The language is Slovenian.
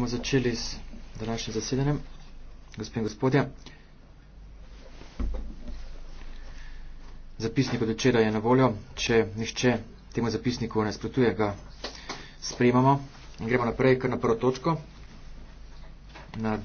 bomo začeli s današnjim zasedanjem, gospod in gospodja. Zapisnik od včeraj je na voljo, če nihče temu zapisniku ne sprotuje, ga sprejmamo in gremo naprej kar na prvo točko. Na